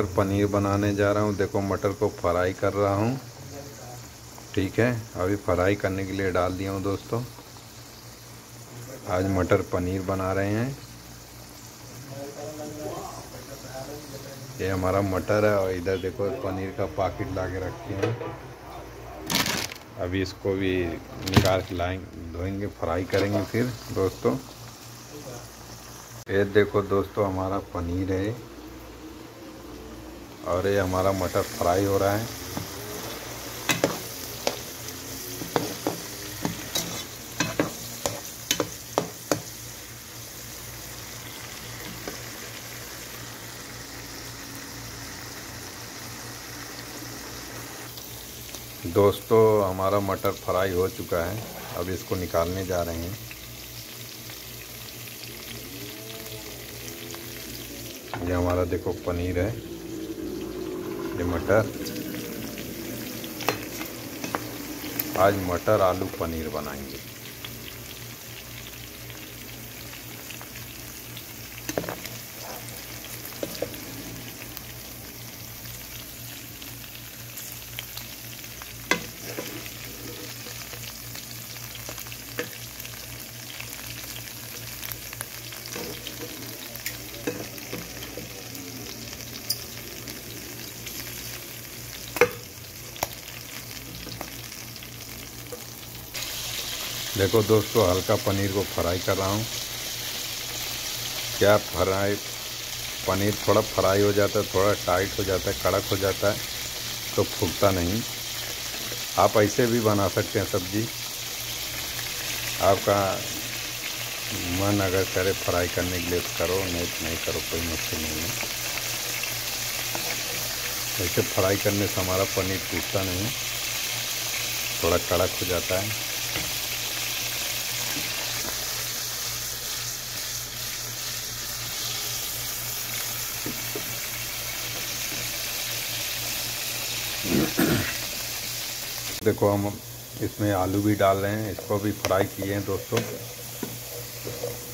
मटर पनीर बनाने जा रहा हूँ देखो मटर को फ्राई कर रहा हूँ ठीक है अभी फ्राई करने के लिए डाल दिया हूँ दोस्तों आज मटर पनीर बना रहे हैं ये हमारा मटर है और इधर देखो पनीर का पाकिट ला के रखे हैं अभी इसको भी निकाल के लाएंगे धोएंगे फ्राई करेंगे फिर दोस्तों ये देखो दोस्तों हमारा पनीर है और ये हमारा मटर फ्राई हो रहा है दोस्तों हमारा मटर फ्राई हो चुका है अब इसको निकालने जा रहे हैं ये हमारा देखो पनीर है ये मटर आज मटर आलू पनीर बनाएंगे देखो दोस्तों हल्का पनीर को फ्राई कर रहा हूँ क्या फ्राई पनीर थोड़ा फ्राई हो जाता है थोड़ा टाइट हो जाता है कड़क हो जाता है तो फूकता नहीं आप ऐसे भी बना सकते हैं सब्जी आपका मन अगर करे फ्राई करने के लिए तो करो नहीं तो नहीं करो कोई मुश्किल नहीं है ऐसे फ्राई करने से हमारा पनीर टूटता नहीं थोड़ा कड़क हो जाता है देखो हम इसमें आलू भी डाल रहे हैं इसको भी फ्राई किए हैं दोस्तों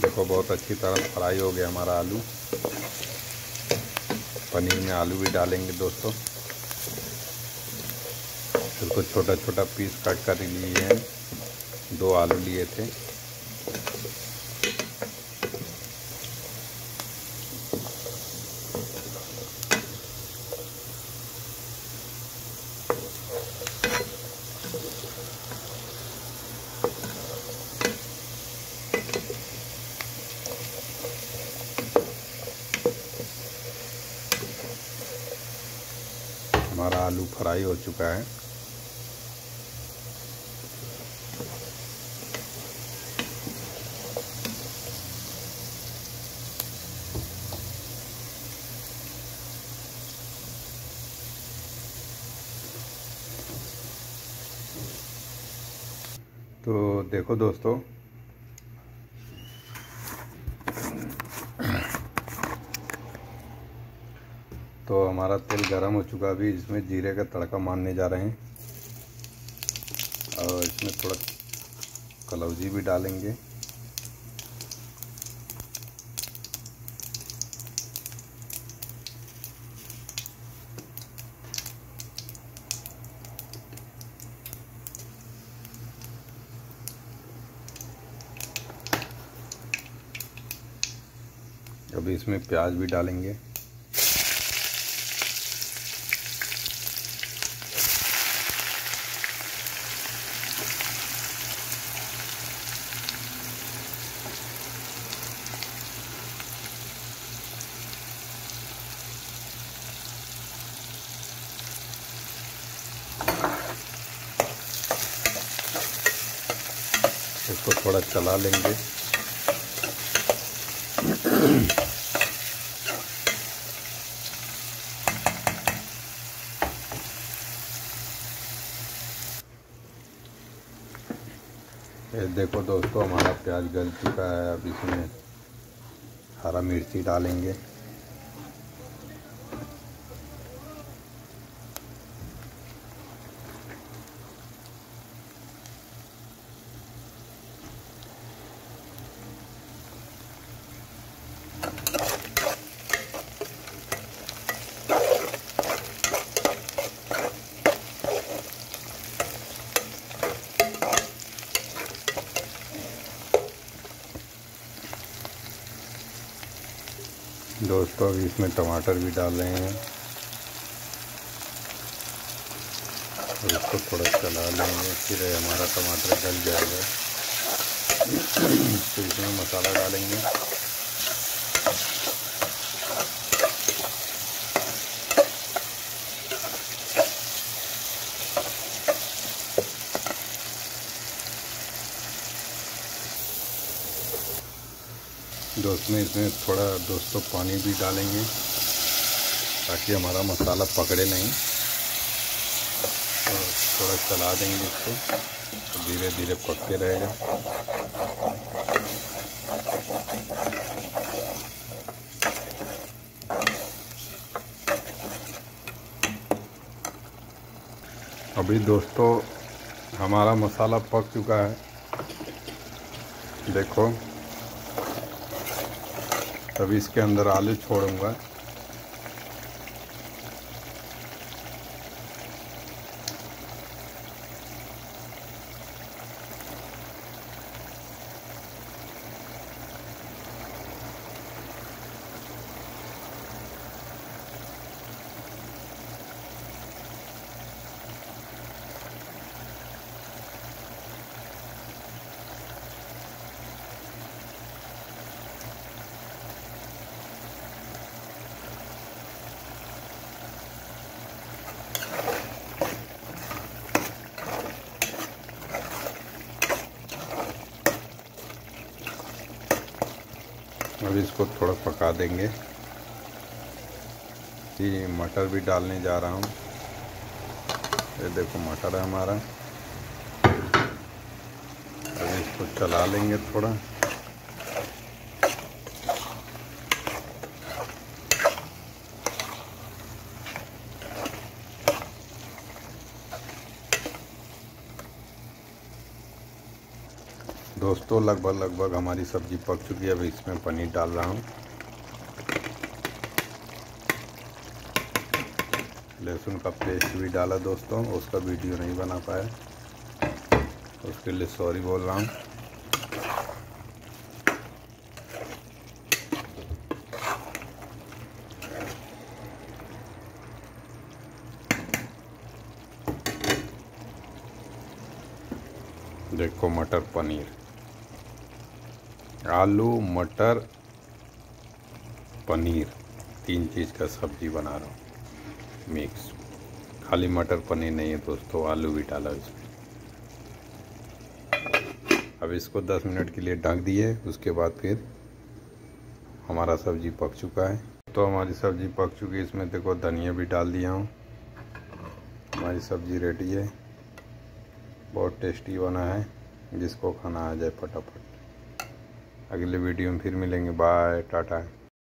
देखो बहुत अच्छी तरह फ्राई हो गया हमारा आलू पनीर में आलू भी डालेंगे दोस्तों इसको छोटा छोटा पीस कट कर लिए हैं दो आलू लिए थे हमारा आलू फ्राई हो चुका है तो देखो दोस्तों तो हमारा तेल गर्म हो चुका अभी इसमें जीरे का तड़का मारने जा रहे हैं और इसमें थोड़ा कलौजी भी डालेंगे अभी इसमें प्याज भी डालेंगे इसको थोड़ा चला लेंगे ये देखो दोस्तों हमारा प्याज गल चुका है अब इसमें हरा मिर्ची डालेंगे तो अभी इसमें टमाटर भी डाल रहे हैं और इसको थोड़ा चला लेंगे फिर हमारा टमाटर डल जाएगा तो इसमें मसाला डालेंगे दोस्तों इसमें थोड़ा दोस्तों पानी भी डालेंगे ताकि हमारा मसाला पकड़े नहीं और थोड़ा चला देंगे इसको तो धीरे धीरे पकते रहेगा अभी दोस्तों हमारा मसाला पक चुका है देखो अभी इसके अंदर आलू छोड़ूंगा अब इसको थोड़ा पका देंगे जी मटर भी डालने जा रहा हूँ ये देखो मटर है हमारा अब इसको चला लेंगे थोड़ा तो लगभग लगभग हमारी सब्ज़ी पक चुकी है अब इसमें पनीर डाल रहा हूँ लहसुन का पेस्ट भी डाला दोस्तों उसका वीडियो नहीं बना पाया उसके लिए सॉरी बोल रहा हूँ देखो मटर पनीर आलू मटर पनीर तीन चीज़ का सब्जी बना रहा हूँ मिक्स खाली मटर पनीर नहीं है दोस्तों आलू भी डाला इसमें अब इसको 10 मिनट के लिए ढक दिए उसके बाद फिर हमारा सब्जी पक चुका है तो हमारी सब्जी पक चुकी है इसमें देखो धनिया भी डाल दिया हूँ हमारी सब्जी रेडी है बहुत टेस्टी बना है जिसको खाना आ जाए फटाफट अगले वीडियो में फिर मिलेंगे बाय टाटा